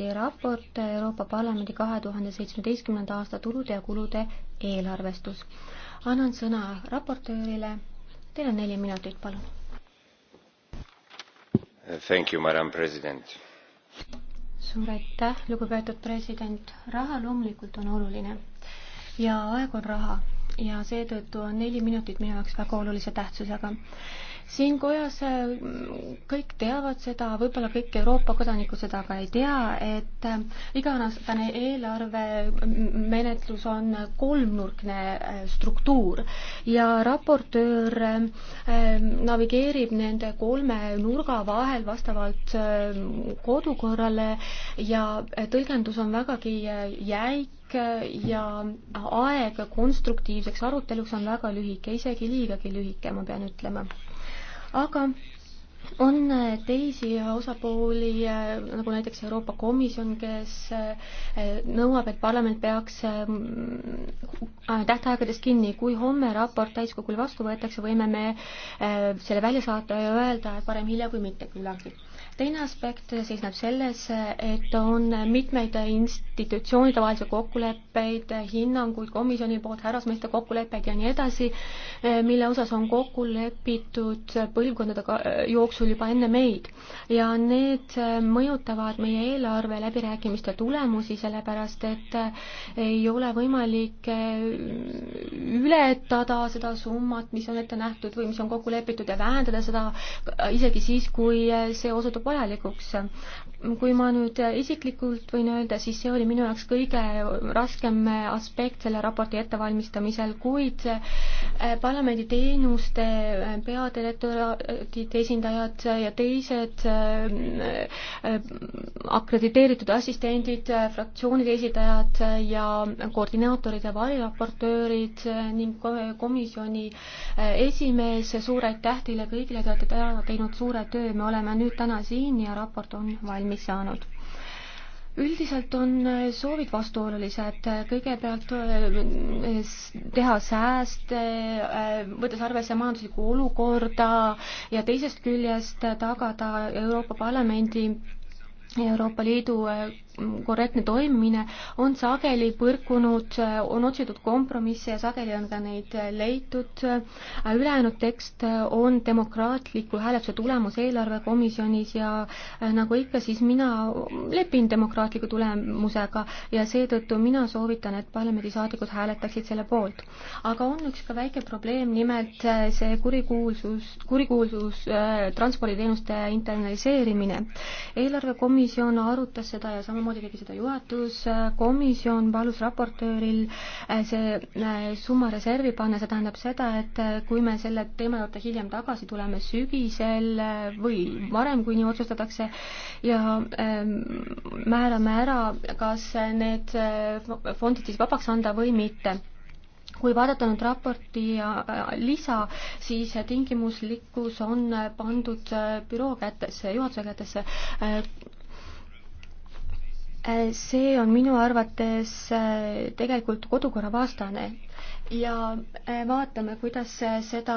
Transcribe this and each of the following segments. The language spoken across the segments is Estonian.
Teie raport Euroopa Parlamendi kahe tuhande seitsmeteistkümnenda aasta tulude ja kulude eelarvestus. annan sõna raportöörile. Teil on neli minutit, palun. Thank you, madam president. suur aitäh, lugupeetud president. raha loomulikult on oluline ja aeg on raha ja seetõttu on neli minutit minu jaoks väga olulise tähtsusega siin kojas äh, kõik teavad seda, võib-olla kõik Euroopa kodanikud seda aga ei tea, et äh, iga-aastane eelarvemenetlus on kolmnurkne äh, struktuur ja raportöör navigeerib nende kolme nurga vahel vastavalt kodukorrale ja tõlgendus on vägagi jäik ja aeg konstruktiivseks aruteluks on väga lühike, isegi liigagi lühike, ma pean ütlema aga on äh, teisi osapooli, äh, nagu näiteks Euroopa Komisjon, kes äh, nõuab, et parlament peaks ähm, tähtaegadest kinni. kui homme raport täiskogul vastu võetakse, võime me selle välja saata ja öelda, et parem hilja kui mitte kunagi teine aspekt seisneb selles, et on mitmeid institutsioonide vahelisi kokkuleppeid, hinnanguid komisjoni poolt, härrasmeeste kokkuleppeid ja nii edasi, mille osas on kokku lepitud põlvkondade jooksul juba enne meid. ja need mõjutavad meie eelarve läbirääkimiste tulemusi, sellepärast et ei ole võimalik ületada seda summat, mis on ette nähtud või mis on kokku lepitud ja vähendada seda isegi siis, kui see osutub vajalikuks. kui ma nüüd isiklikult võin öelda, siis see oli minu jaoks kõige raskem aspekt selle raporti ettevalmistamisel, kuid äh, parlamendi teenuste äh, peadirektoraadid, esindajad ja teised äh, akrediteeritud assistendid, fraktsioonide esindajad ja koordinaatorid ja variraportöörid ning komisjoni esimees, suur aitäh teile kõigile, te olete täna teinud suure töö, me oleme nüüd täna siin ja raport on valmis saanud üldiselt on soovid vastuolulised, kõigepealt äh, teha sääste, äh, võttes arvesse majanduslikku olukorda ja teisest küljest tagada Euroopa Parlamendi Euroopa Liidu äh, korrektne toimimine on sageli põrkunud, on otsitud kompromisse ja sageli on ka neid leitud. ülejäänud tekst on demokraatliku hääletuse tulemus eelarvekomisjonis ja äh, nagu ikka, siis mina lepin demokraatliku tulemusega ja seetõttu mina soovitan, et parlamendisaadikud hääletaksid selle poolt. aga on üks ka väike probleem, nimelt äh, see kurikuulsus, kurikuulsus äh, transporditeenuste internaliseerimine. eelarvekomisjon arutas seda ja samuti samamoodi tegi seda juhatus, komisjon palus raportööril äh, see äh, summa reservi panna, see tähendab seda, et äh, kui me selle teema juurde hiljem tagasi tuleme sügisel või varem, kui nii otsustatakse, ja ähm, määrame ära, kas need fondid siis vabaks anda või mitte kui vaadata nüüd raporti lisa, siis tingimuslikkus on pandud büroo kätesse, juhatuse kätesse Äh, see on minu arvates äh, tegelikult kodukorra vastane ja äh, vaatame, kuidas seda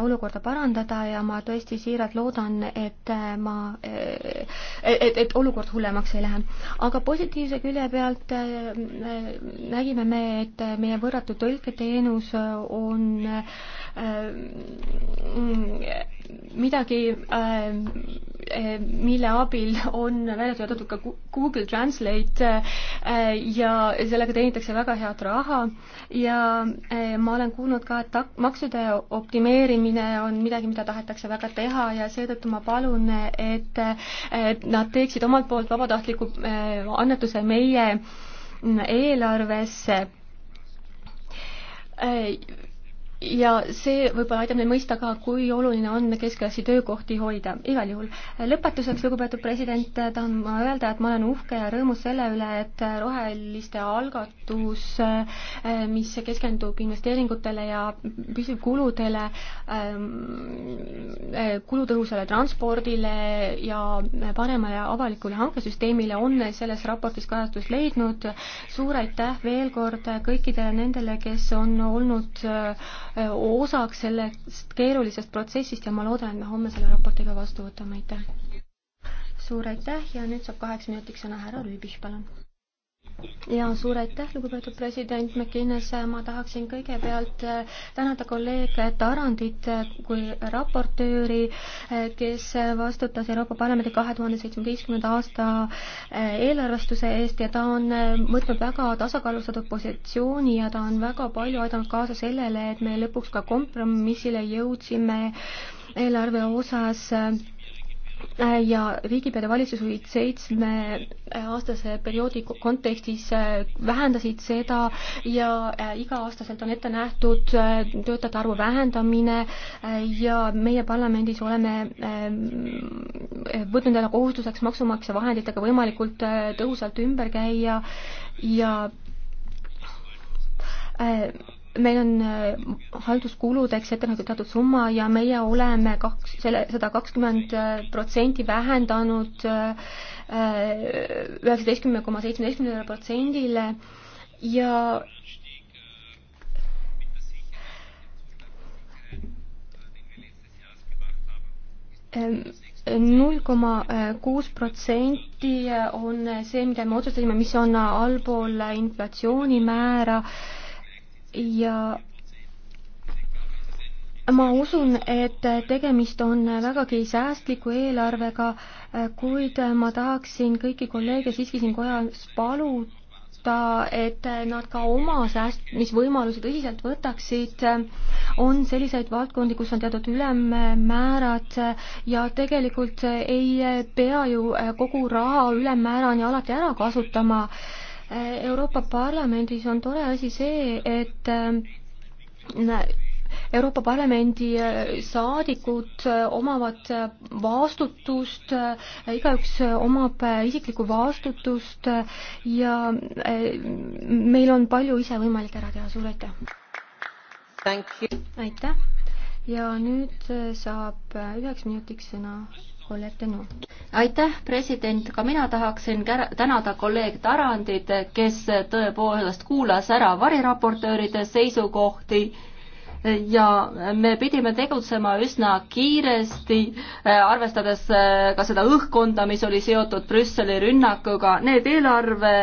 olukorda parandada ja ma tõesti siiralt loodan, et ma, et, et olukord hullemaks ei lähe. aga positiivse külje pealt nägime me, et meie võrratu tõlketeenus on mm, midagi, äh, äh, mille abil on välja töötatud ka Google Translate äh, ja sellega teenitakse väga head raha ja ma olen kuulnud ka, et maksude optimeerimine on midagi, mida tahetakse väga teha ja seetõttu ma palun, et nad teeksid omalt poolt vabatahtliku annetuse meie mm, eelarvesse ja see võib-olla aitab neil mõista ka, kui oluline on keskklassi töökohti hoida, igal juhul. lõpetuseks, lugupeetud president, tahan ma öelda, et ma olen uhke ja rõõmus selle üle, et roheliste algatus, mis keskendub investeeringutele ja püsivkuludele, kulutõhusale transpordile ja paremale avalikule hankesüsteemile, on selles raportis kajastust leidnud. suur aitäh veel kord kõikidele nendele, kes on olnud osaks sellest keerulisest protsessist ja ma loodan, et me homme selle raporti ka vastu võtame, aitäh! suur aitäh ja nüüd saab kaheks minutiks sõna härra Rüübich, palun! ja suur aitäh, lugupeetud president McInnes, ma tahaksin kõigepealt äh, tänada kolleeg Tarandit äh, kui raportööri, äh, kes vastutas Euroopa Parlamendi kahe tuhande seitsmeteistkümnenda aasta eelarvestuse eest ja ta on võtnud väga tasakaalustatud positsiooni ja ta on väga palju aidanud kaasa sellele, et me lõpuks ka kompromissile jõudsime eelarve osas ja riigipead ja valitsusjuhid seitsmeaastase perioodi kontekstis äh, vähendasid seda ja äh, iga-aastaselt on ette nähtud äh, töötajate arvu vähendamine ja meie parlamendis oleme võtnud endale kohustuseks maksumaksja vahenditega võimalikult tõhusalt ümber käia ja, ja meil on äh, halduskuludeks ette nähtud teatud summa ja meie oleme kaks, selle, seda kakskümmend äh, protsenti vähendanud äh, üheksateistkümne koma seitsmeteistkümnele protsendile ja ähm, null koma kuus protsenti on see, mida me otsustasime, mis on allpool inflatsioonimäära äh, ja ma usun, et tegemist on vägagi säästliku eelarvega, kuid ma tahaksin kõiki kolleege siiski siin kojas paluda, et nad ka oma säästmisvõimalusi tõsiselt võtaksid. on selliseid valdkondi, kus on teatud ülemmäärad ja tegelikult ei pea ju kogu raha ülemmäärani alati ära kasutama Euroopa Parlamendis on tore asi see, et äh, Euroopa Parlamendi äh, saadikud äh, omavad vastutust, igaüks omab isiklikku vastutust ja meil on palju ise võimalik ära teha, suur aitäh! aitäh ja nüüd saab üheks minutiks sõna aitäh, president, ka mina tahaksin tänada kolleeg Tarandit, kes tõepoolest kuulas ära variraportööride seisukohti ja me pidime tegutsema üsna kiiresti, arvestades ka seda õhkkonda, mis oli seotud Brüsseli rünnakuga, need eelarve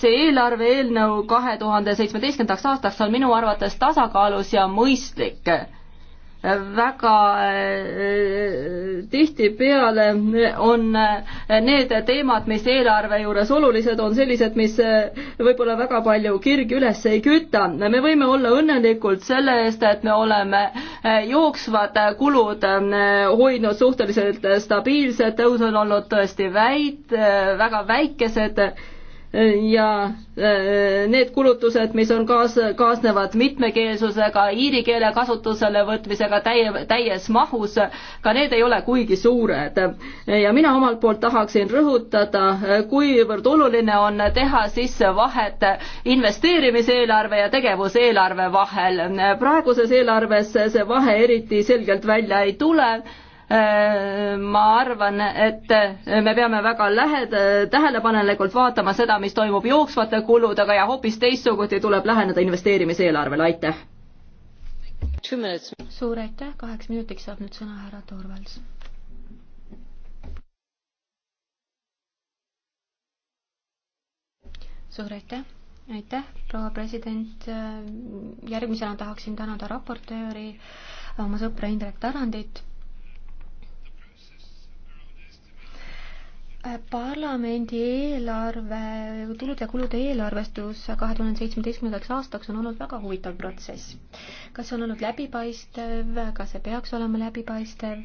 see eelarve eelnõu kahe tuhande seitsmeteistkümnendaks aastaks on minu arvates tasakaalus ja mõistlik väga eh, tihtipeale on eh, need teemad, mis eelarve juures olulised on, sellised, mis eh, võib-olla väga palju kirgi üles ei küta. me võime olla õnnelikud selle eest, et me oleme jooksvad kulud hoidnud suhteliselt stabiilsed, tõus on olnud tõesti väit-, väga väikesed ja äh, need kulutused, mis on kaas-, kaasnevad mitmekeelsusega, iiri keele kasutusele võtmisega täie, täies mahus, ka need ei ole kuigi suured. ja mina omalt poolt tahaksin rõhutada, kuivõrd oluline on teha sisse vahet investeerimiseelarve ja tegevuseelarve vahel. praeguses eelarves see vahe eriti selgelt välja ei tule Äh, ma arvan, et me peame väga lähed-, tähelepanelikult vaatama seda, mis toimub jooksvate kuludega ja hoopis teistsuguti tuleb läheneda investeerimiseelarvele, aitäh! suur aitäh, kaheks minutiks saab nüüd sõna härra Torvalds. suur aitäh, aitäh, proua president, järgmisena tahaksin tänada raportööri, oma sõpra Indrek Tarandit parlamendi eelarve, tulude ja kulude eelarvestus kahe tuhande seitsmeteistkümnendaks aastaks on olnud väga huvitav protsess. kas see on olnud läbipaistev, kas see peaks olema läbipaistev?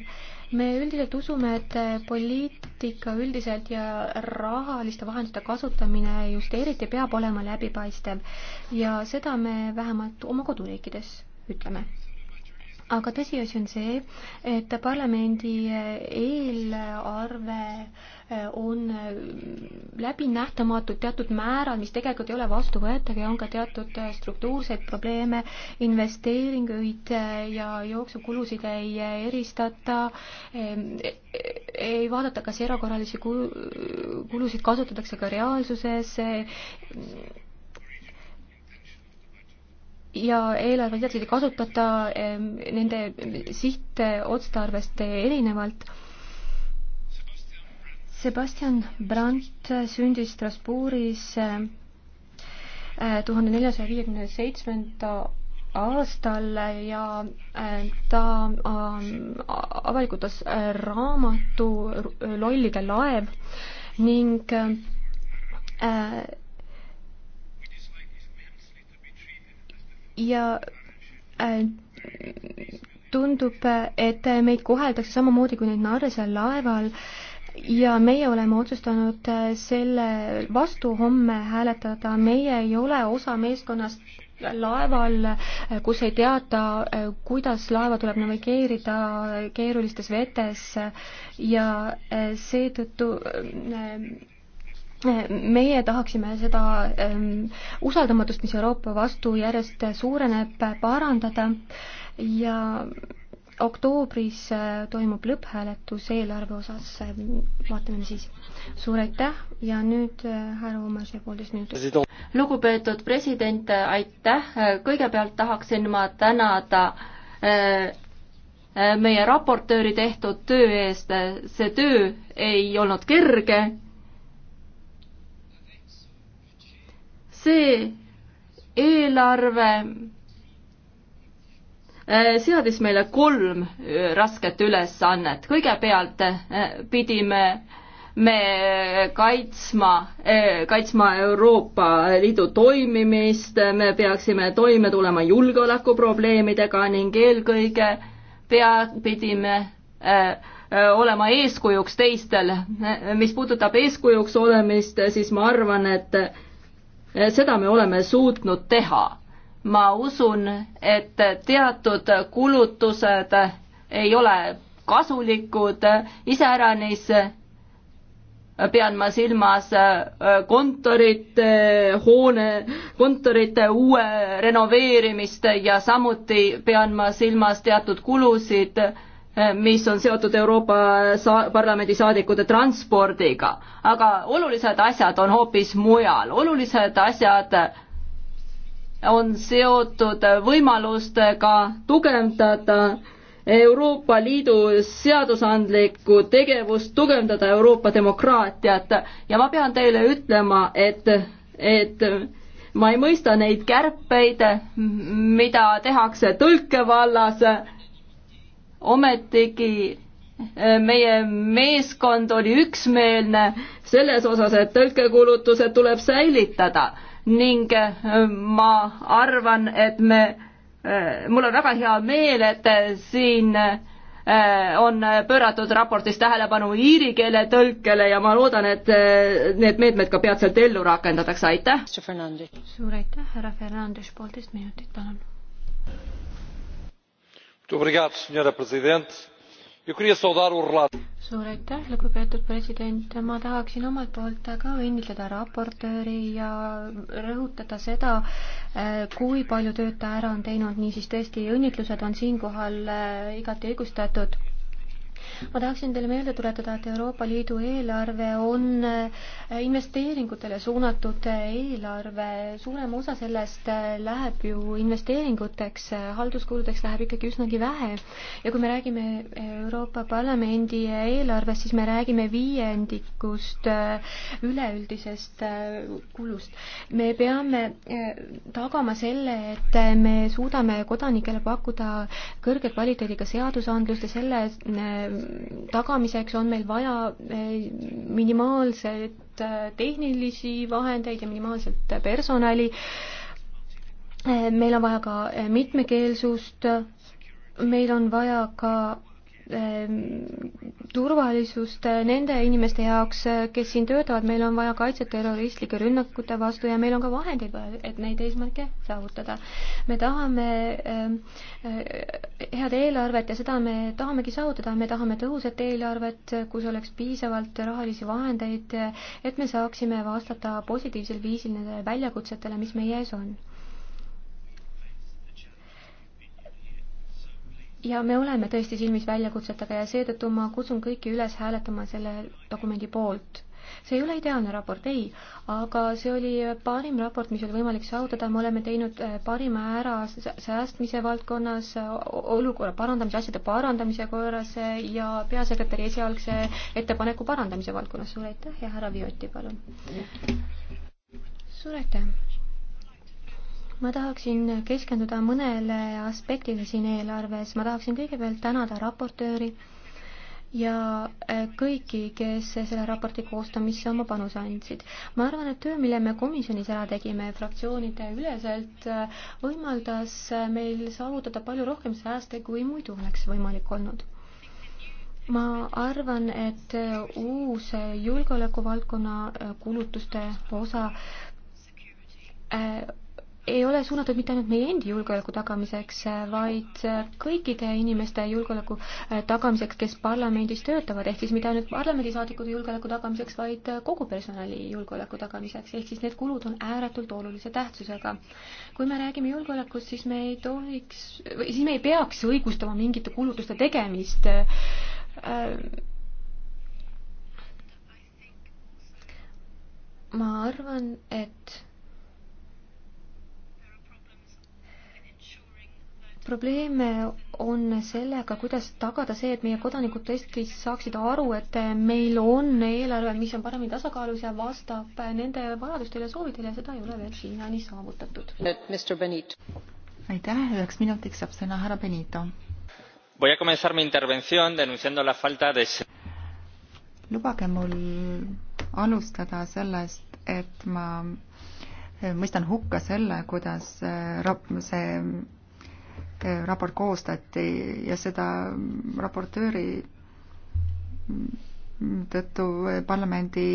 me üldiselt usume, et poliitika üldiselt ja rahaliste vahendite kasutamine just eriti peab olema läbipaistev ja seda me vähemalt oma koduriikides ütleme aga tõsiasi on see, et parlamendi eelarve äh, on äh, läbinähtamatud teatud määral, mis tegelikult ei ole vastuvõetav ja on ka teatud äh, struktuurseid probleeme, investeeringuid ja jooksukulusid ei eristata, ehm, e-, ei vaadata, kas erakorralisi kulusid kasutatakse ka reaalsuses, ehm, ja eelarveseadusi ei kasutata ehm, nende sihtotstarbest erinevalt. Sebastian Brandt sündis Strasbourgis ehm, eh, tuhande neljasaja viiekümne seitsmenda aastal ja eh, ta ehm, avalikutas eh, raamatu Lollide laev ning ja äh, tundub, et meid koheldakse samamoodi kui neid narre seal laeval ja meie oleme otsustanud äh, selle vastu homme hääletada, meie ei ole osa meeskonnast laeval, äh, kus ei teata, kuidas laeva tuleb navigeerida keerulistes vetes ja seetõttu meie tahaksime seda ähm, usaldamatust, mis Euroopa vastu järjest suureneb, parandada ja oktoobris äh, toimub lõpphääletus eelarve osas, vaatame siis. suur aitäh ja nüüd äh, härra Umas ja poolteist minutit. lugupeetud president, aitäh, kõigepealt tahaksin ma tänada äh, meie raportööri tehtud töö eest, see töö ei olnud kerge see eelarve äh, seadis meile kolm äh, rasket ülesannet. kõigepealt äh, pidime me kaitsma, kaitsma Euroopa Liidu toimimist, me peaksime toime tulema julgeolekuprobleemidega ning eelkõige pea, pidime olema eeskujuks teistel. mis puudutab eeskujuks olemist, siis ma arvan, et seda me oleme suutnud teha. ma usun, et teatud kulutused ei ole kasulikud, iseäranis pean ma silmas äh, kontorite, äh, hoone, kontorite uue renoveerimist ja samuti pean ma silmas teatud kulusid mis on seotud Euroopa sa-, Parlamendi saadikute transpordiga. aga olulised asjad on hoopis mujal, olulised asjad on seotud võimalustega tugevdada Euroopa Liidu seadusandlikku tegevust, tugevdada Euroopa demokraatiat ja ma pean teile ütlema, et, et ma ei mõista neid kärpeid, mida tehakse tõlkevallas ometigi äh, meie meeskond oli üksmeelne selles osas, et tõlkekulutused tuleb säilitada ning äh, ma arvan, et me, äh, mul on väga hea meel, et siin on pööratud raportis tähelepanu iiri keele tõlkele ja ma loodan, et need meetmed ka peatselt ellu rakendatakse, aitäh! suur aitäh, härra Fernandes, poolteist minutit, palun! suur aitäh, lugupeetud president, ma tahaksin omalt poolt ka õnnitleda raportööri ja rõhutada seda, eh, kui palju tööd ta ära on teinud, niisiis tõesti õnnitlused on siinkohal eh, igati õigustatud ma tahaksin teile meelde tuletada, et Euroopa Liidu eelarve on äh, investeeringutele suunatud äh, eelarve, suurem osa sellest äh, läheb ju investeeringuteks, halduskuludeks läheb ikkagi üsnagi vähe. ja kui me räägime Euroopa Parlamendi eelarvest, siis me räägime viiendikust üleüldisest kulust. me peame tagama selle, et me suudame kodanikele pakkuda kõrge kvaliteediga seadusandlust ja selle tagamiseks on meil vaja eh, minimaalselt eh, tehnilisi vahendeid ja minimaalselt personali. Eh, meil on vaja ka mitmekeelsust, meil on vaja ka Ehm, turvalisust eh, nende inimeste jaoks, eh, kes siin töötavad, meil on vaja kaitset terroristlike rünnakute vastu ja meil on ka vahendeid vaja, et neid eesmärke saavutada. me tahame ehm, eh, head eelarvet ja seda me tahamegi saavutada, me tahame tõhusat eelarvet, kus oleks piisavalt rahalisi vahendeid, et me saaksime vastata positiivsel viisil nendele väljakutsetele, mis meie ees on ja me oleme tõesti silmis väljakutsetega ja seetõttu ma kutsun kõiki üles hääletama selle dokumendi poolt. see ei ole ideaalne raport, ei, aga see oli parim raport, mis oli võimalik saavutada, me oleme teinud äh, parima ära säästmise valdkonnas, olukorra parandamise, asjade parandamise korras äh, ja peasekretäri esialgse ettepaneku parandamise valdkonnas. suur aitäh ja härra Viotti, palun. suur aitäh ma tahaksin keskenduda mõnele aspektile siin eelarves, ma tahaksin kõigepealt tänada raportööri ja äh, kõiki, kes selle raporti koostamisse oma panuse andsid. ma arvan, et töö, mille me komisjonis ära tegime fraktsioonide üleselt, äh, võimaldas äh, meil saavutada palju rohkem sääste, kui muidu oleks võimalik olnud. ma arvan, et uus julgeolekuvaldkonna kulutuste osa ei ole suunatud mitte ainult meie endi julgeoleku tagamiseks, vaid kõikide inimeste julgeoleku äh, tagamiseks, kes parlamendis töötavad, ehk siis mitte ainult parlamendisaadikute julgeoleku tagamiseks, vaid kogu personali julgeoleku tagamiseks, ehk siis need kulud on ääretult olulise tähtsusega. kui me räägime julgeolekust, siis me ei tohiks, siis me ei peaks õigustama mingite kulutuste tegemist äh, äh, ma arvan, et probleeme on sellega, kuidas tagada see, et meie kodanikud tõesti saaksid aru, et meil on eelarve, mis on paremini tasakaalus ja vastab nende vajadustele ja soovidele ja seda ei ole veel siiani saavutatud. aitäh, üheks minutiks saab sõna härra Benito. lubage mul alustada sellest, et ma eh, mõistan hukka selle, kuidas eh, see raport koostati ja seda raportööri tõttu parlamendi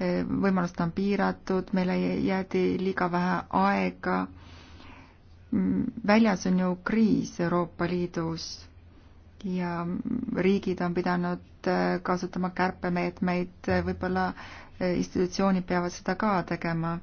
võimalused on piiratud, meile jäädi liiga vähe aega. väljas on ju kriis Euroopa Liidus ja riigid on pidanud kasutama kärpemeetmeid, võib-olla institutsioonid peavad seda ka tegema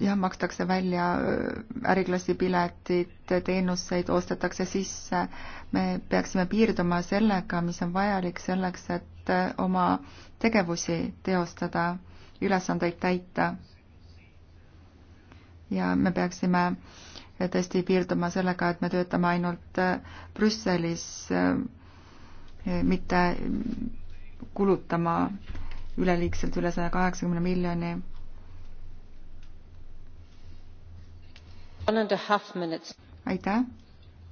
jah, makstakse välja äh, äriklassipiletid, teenuseid ostetakse sisse. me peaksime piirduma sellega, mis on vajalik selleks, et äh, oma tegevusi teostada, ülesandeid täita. ja me peaksime äh, tõesti piirduma sellega, et me töötame ainult Brüsselis, mitte kulutama üleliigselt üle saja kaheksakümne miljoni aitäh,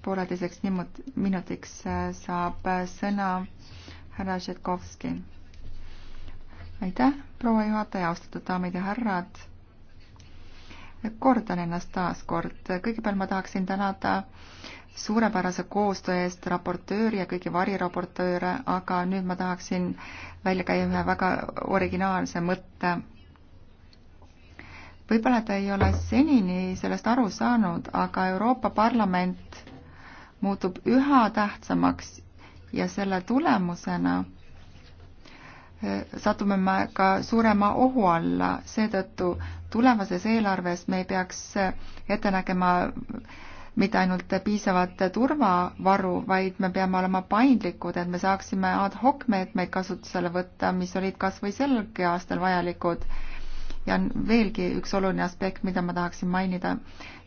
pooleteiseks nimut-, minutiks äh, saab äh, sõna härra Žetkovski. aitäh, proua juhataja, austatud daamid ja härrad. kordan ennast taas kord, kõigepealt ma tahaksin tänada suurepärase koostöö eest raportööri ja kõiki variraportööre, aga nüüd ma tahaksin välja käia ühe väga originaalse mõtte võib-olla ta ei ole senini sellest aru saanud, aga Euroopa Parlament muutub üha tähtsamaks ja selle tulemusena eh, satume me ka suurema ohu alla, seetõttu tulevases eelarves me ei peaks ette nägema mitte ainult piisavat turvavaru, vaid me peame olema paindlikud, et me saaksime ad hoc meetmeid kasutusele võtta, mis olid kas või selgi aastal vajalikud ja on veelgi üks oluline aspekt, mida ma tahaksin mainida.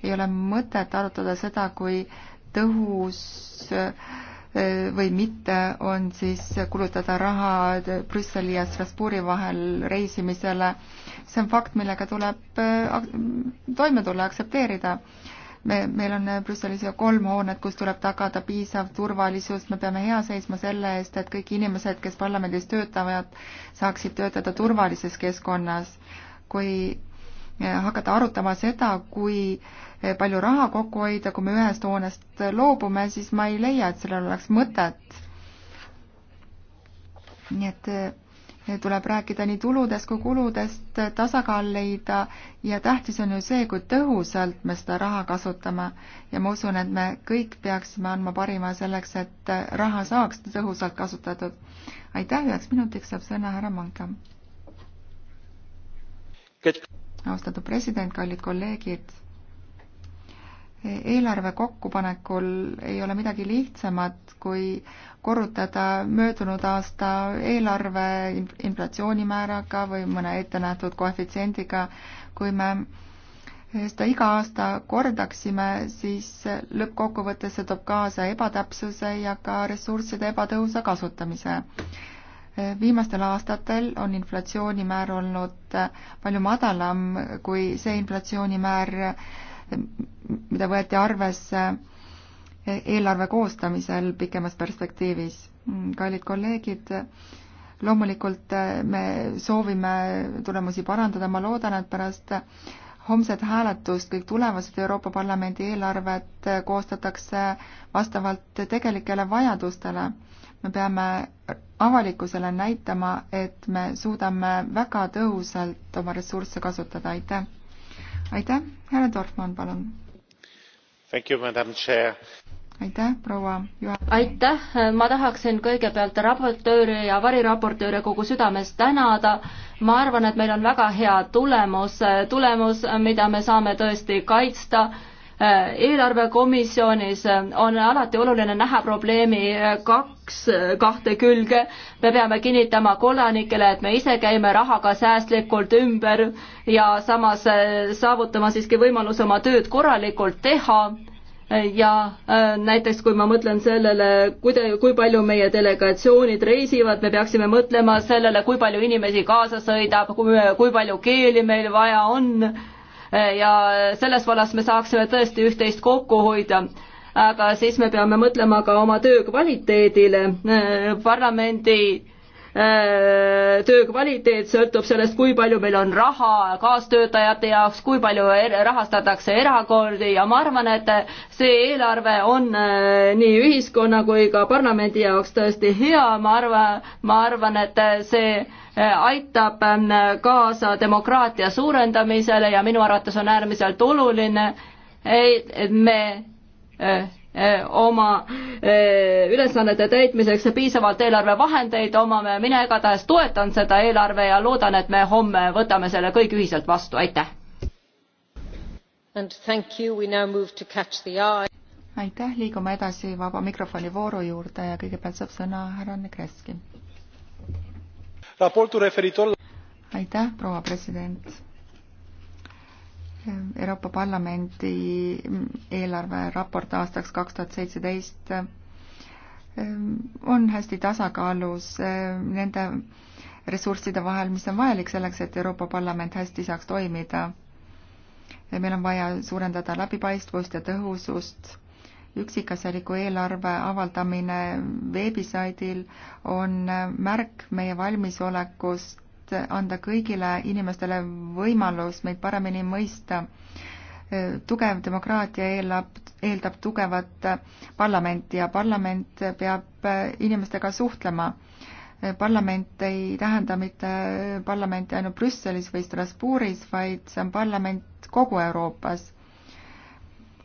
ei ole mõtet arutada seda, kui tõhus äh, või mitte on siis kulutada raha Brüsseli ja Strasbourgi vahel reisimisele. see on fakt, millega tuleb äh, toime tulla, aktsepteerida me, meil on Brüsselis ju kolm hoonet, kus tuleb tagada piisav turvalisus, me peame hea seisma selle eest, et kõik inimesed, kes parlamendis töötavad, saaksid töötada turvalises keskkonnas kui eh, hakata arutama seda, kui eh, palju raha kokku hoida, kui me ühest hoonest loobume, siis ma ei leia, et sellel oleks mõtet. nii et eh, tuleb rääkida nii tuludest kui kuludest, tasakaal leida ja tähtis on ju see, kui tõhusalt me seda raha kasutame. ja ma usun, et me kõik peaksime andma parima selleks, et raha saaks tõhusalt kasutatud. aitäh, üheks minutiks saab sõna härra Manka austatud president, kallid kolleegid. eelarve kokkupanekul ei ole midagi lihtsamat, kui korrutada möödunud aasta eelarve inflatsioonimääraga või mõne ettenähtud koefitsiendiga. kui me seda iga aasta kordaksime, siis lõppkokkuvõttes see toob kaasa ebatäpsuse ja ka ressursside ebatõhusa kasutamise viimastel aastatel on inflatsioonimäär olnud äh, palju madalam kui see inflatsioonimäär, äh, mida võeti arvesse äh, eelarve koostamisel pikemas perspektiivis. Mm, kallid kolleegid, loomulikult me soovime tulemusi parandada, ma loodan, et pärast homset hääletust kõik tulevased Euroopa Parlamendi eelarved koostatakse vastavalt tegelikele vajadustele. me peame avalikkusele näitama, et me suudame väga tõhusalt oma ressursse kasutada, aitäh. aitäh, härra Dorfmann, palun. aitäh, proua juhataja. aitäh, ma tahaksin kõigepealt raportööri ja variraportööre kogu südamest tänada. ma arvan, et meil on väga hea tulemus, tulemus, mida me saame tõesti kaitsta Äh, eelarvekomisjonis äh, on alati oluline näha probleemi äh, kaks, kahte külge. me peame kinnitama kodanikele, et me ise käime rahaga säästlikult ümber ja samas saavutama siiski võimaluse oma tööd korralikult teha ja näiteks kui ma mõtlen sellele, kuida-, kui palju meie delegatsioonid reisivad, me peaksime mõtlema sellele, kui palju inimesi kaasa sõidab, kui palju keeli meil vaja on ja selles vallas me saaksime tõesti üht-teist kokku hoida aga siis me peame mõtlema ka oma töö kvaliteedile. parlamendi äh, töö kvaliteet sõltub sellest, kui palju meil on raha kaastöötajate jaoks, kui palju er rahastatakse erakordi ja ma arvan, et see eelarve on äh, nii ühiskonna kui ka parlamendi jaoks tõesti hea, ma arvan, ma arvan, et see aitab ähm, kaasa demokraatia suurendamisele ja minu arvates on äärmiselt oluline, et me äh, äh, oma äh, ülesannete täitmiseks piisavalt eelarvevahendeid omame, mina igatahes toetan seda eelarve ja loodan, et me homme võtame selle kõik ühiselt vastu, aitäh! aitäh, liigume edasi vaba mikrofoni vooru juurde ja kõigepealt saab sõna härra Negreski raportul referitor la aitäh, proua president. Euroopa Parlamendi eelarveraport aastaks kaks tuhat seitseteist on hästi tasakaalus nende ressursside vahel, mis on vajalik selleks, et Euroopa Parlament hästi saaks toimida. meil on vaja suurendada läbipaistvust ja tõhusust üksikasjaliku eelarve avaldamine veebisaidil on märk meie valmisolekust anda kõigile inimestele võimalus meid paremini mõista. tugev demokraatia eelab, eeldab tugevat parlamenti ja parlament peab inimestega suhtlema parlament ei tähenda mitte parlamenti ainult Brüsselis või Strasbourgis, vaid see on parlament kogu Euroopas.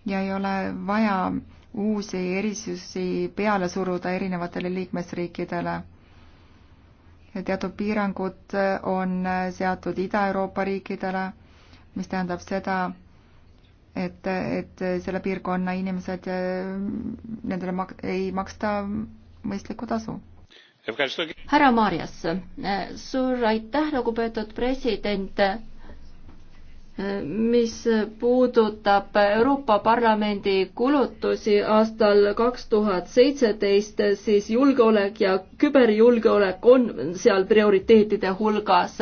ja ei ole vaja uusi erisusi peale suruda erinevatele liikmesriikidele. teatud piirangud on seatud Ida-Euroopa riikidele, mis tähendab seda, et, et selle piirkonna inimesed, nendele mak-, ei maksta mõistlikku tasu. härra Marjas, suur aitäh, lugupeetud president mis puudutab Euroopa Parlamendi kulutusi aastal kaks tuhat seitseteist, siis julgeolek ja küberjulgeolek on seal prioriteetide hulgas.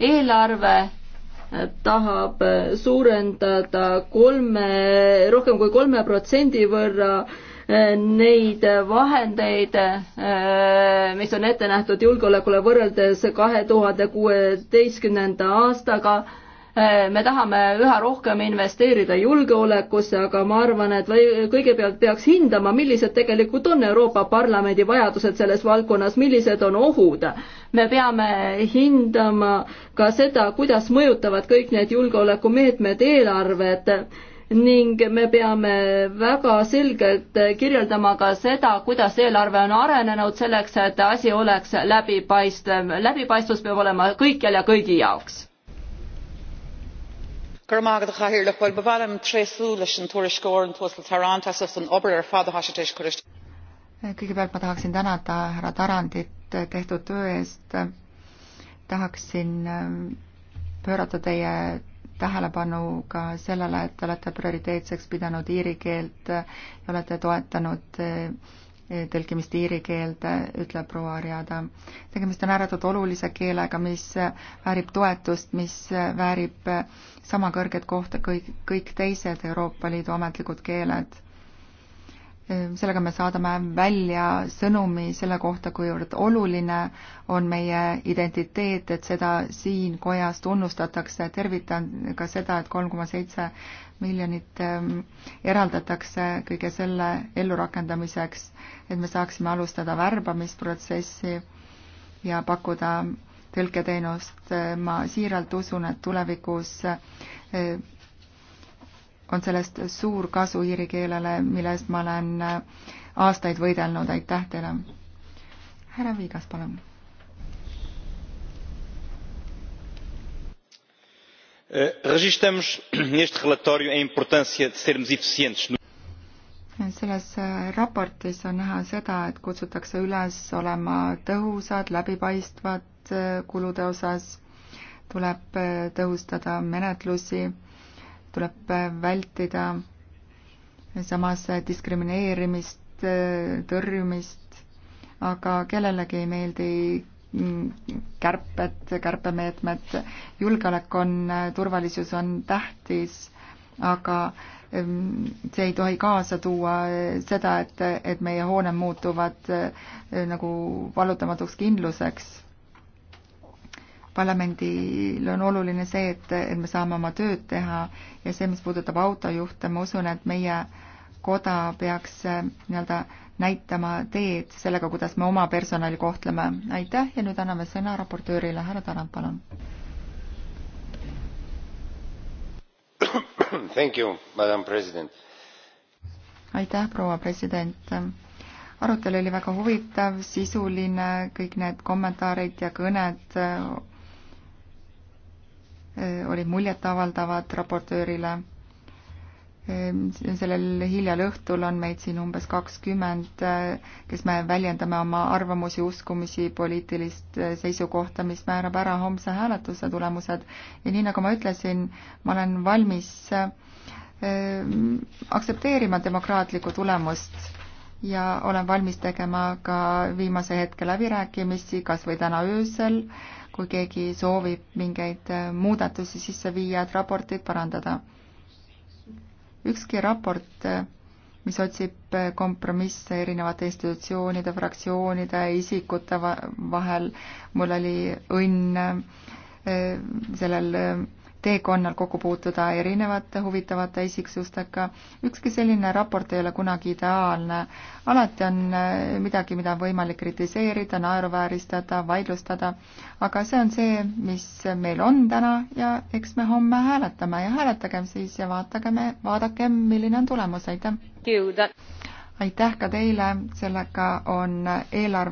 eelarve tahab suurendada kolme, rohkem kui kolme protsendi võrra eh, neid vahendeid, eh, mis on ette nähtud julgeolekule võrreldes kahe tuhande kuueteistkümnenda aastaga Äh, me tahame üha rohkem investeerida julgeolekusse, aga ma arvan, et või kõigepealt peaks hindama, millised tegelikult on Euroopa Parlamendi vajadused selles valdkonnas, millised on ohud. me peame hindama ka seda, kuidas mõjutavad kõik need julgeolekumeetmed eelarved ning me peame väga selgelt kirjeldama ka seda, kuidas eelarve on arenenud selleks, et asi oleks läbipaistev. läbipaistvus peab olema kõikjal ja kõigi jaoks kõigepealt ma tahaksin tänada härra Tarandit tehtud töö eest. tahaksin äh, pöörata teie tähelepanu ka sellele, et te olete prioriteetseks pidanud iiri keelt äh, ja olete toetanud äh, tõlkimist iiri keelde, ütleb proua Ariada. tegemist on ääretult olulise keelega, mis väärib toetust, mis väärib sama kõrget kohta kõik, kõik teised Euroopa Liidu ametlikud keeled. sellega me saadame välja sõnumi selle kohta, kuivõrd oluline on meie identiteet, et seda siin kojas tunnustatakse. tervitan ka seda, et kolm koma seitse miljonit ähm, eraldatakse kõige selle ellurakendamiseks, et me saaksime alustada värbamisprotsessi ja pakkuda tõlketeenust. Äh, ma siiralt usun, et tulevikus äh, on sellest suur kasu iiri keelele, mille eest ma olen äh, aastaid võidelnud, aitäh teile! härra Viigas, palun Eh, registramos neste relatório a importância de sermos eficientes. Eh, selles eh, raportis on näha seda, et kutsutakse üles olema tõhusad, läbipaistvad kulude osas, tuleb tõhustada menetlusi, tuleb vältida samas diskrimineerimist, tõrjumist, aga kellelegi ei meeldi kärped, kärpemeetmed, julgeolek on, turvalisus on tähtis, aga ehm, see ei tohi kaasa tuua seda, et, et meie hooned muutuvad eh, nagu vallutamatuks kindluseks. parlamendil on oluline see, et, et me saame oma tööd teha ja see, mis puudutab autojuhte, ma usun, et meie koda peaks eh, nii-öelda näitama teed sellega, kuidas me oma personali kohtleme. aitäh ja nüüd anname sõna raportöörile, härra Tarand, palun. aitäh, proua president. arutelu oli väga huvitav, sisuline, kõik need kommentaarid ja kõned eh, olid muljetavaldavad raportöörile Ehm, sellel hiljal õhtul on meid siin umbes kakskümmend, eh, kes me väljendame oma arvamusi, uskumisi, poliitilist eh, seisukohta, mis määrab ära homse hääletuse tulemused. ja nii, nagu ma ütlesin, ma olen valmis ehm, aktsepteerima demokraatlikku tulemust ja olen valmis tegema ka viimase hetke läbirääkimisi, kas või täna öösel, kui keegi soovib mingeid eh, muudatusi sisse viia, et raportit parandada ükski raport, mis otsib kompromisse erinevate institutsioonide, fraktsioonide, isikute vahel, mul oli õnn eh, sellel eh, teekonnal kokku puutuda erinevate huvitavate isiksustega. ükski selline raport ei ole kunagi ideaalne. alati on äh, midagi, mida on võimalik kritiseerida, naeruvääristada, vaidlustada, aga see on see, mis meil on täna ja eks me homme hääletame ja hääletagem siis ja vaatagem, vaadakem, milline on tulemus, aitäh! aitäh ka teile, sellega on eelarve